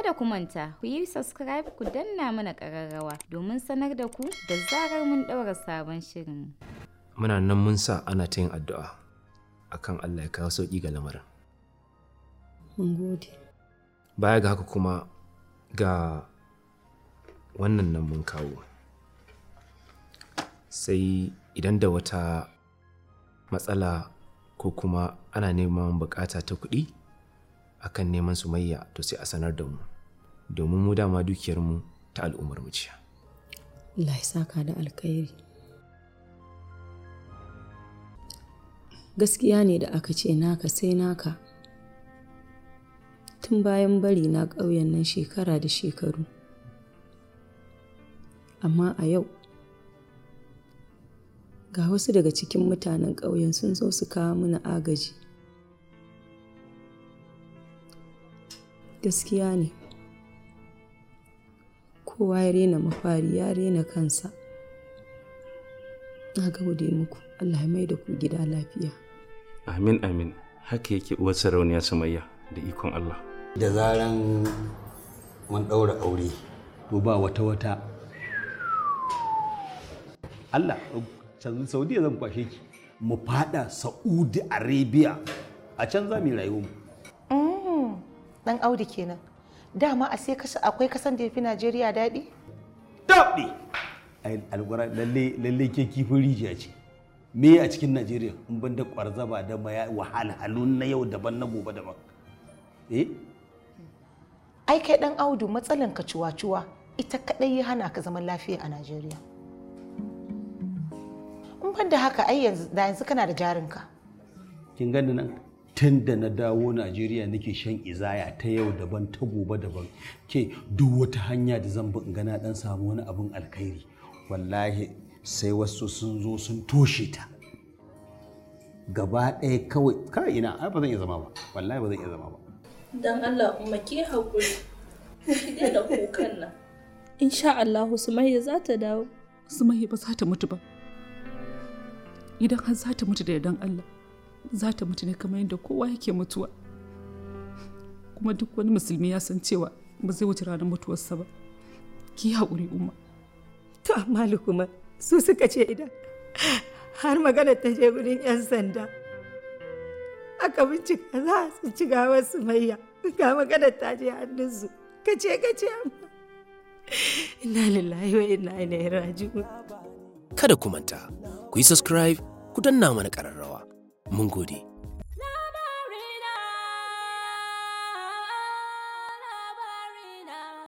Kada ku manta, ku yi subscribe ku danna mana ƙararrawa domin sanar da ku da zarar mun ɗaura sabon shirin. Muna nan mun sa ana ta yin addu'a akan Allah ya kawo sauƙi ga lamarin. Mun gode. Baya ga haka kuma ga wannan nan mun kawo. Sai idan da wata matsala ko kuma ana neman bukata ta kuɗi akan neman sumayya to sai a sanar da mu domin mu dama dukiyarmu ta al'ummar mu Allah ya saka da alkhairi. Gaskiya ne da aka ce naka sai naka. Tun bayan bari na ƙauyen nan shekara da shekaru. Amma a yau, ga wasu daga cikin mutanen ƙauyen sun zo su kawo mana agaji. Gaskiya ne. kowa ya rena mafari ya rena kansa na gaude muku allah mai da ku gida lafiya amin amin haka yake uwar sarauniya samayya da ikon allah da zaran mun ɗaura aure to ba wata wata allah saudiya zan kwashe ki mu fada saudi arabia a can za mu yi rayuwa dan mm, audi kenan dama a sai akwai kasan da ya fi najeriya daɗi daɗi alwara lalle lalle ke kifin rijiya ce me a cikin najeriya in ban da kwarzaba da wahalhalun na yau daban na gobe daban eh ai kai dan audu matsalan ka cuwa-cuwa ita kadai ya hana ka zaman lafiya a najeriya in ban da haka ai yanzu da yanzu kana da jarinka kin gani nan tun da na dawo najeriya nake shan izaya ta yau daban ta gobe daban ke duk wata hanya da zan bi gana dan samu wani abin alkhairi wallahi sai wasu sun zo sun toshe ta gaba ɗaya kawai kawai ina ai ba zan iya zama ba wallahi ba zan iya zama ba dan Allah umma ke hakuri ki da kukan nan insha Allah Sumayya za ta dawo Sumayya ba za ta mutu ba idan har za ta mutu da yardan Allah za ta mutu ne kamar yadda kowa yake mutuwa kuma duk wani musulmi ya san cewa ba zai wuce ranar mutuwarsa ba ki haƙuri umma to amma lukuma su suka ce idan har magana ta je gurin 'yan sanda aka bincika za su ci gawar sumayya ga magana ta je hannunsu kace kace amma inna lillahi wa inna ilaihi raji'un kada ku manta ku yi subscribe ku danna mana ƙararrawa mun gode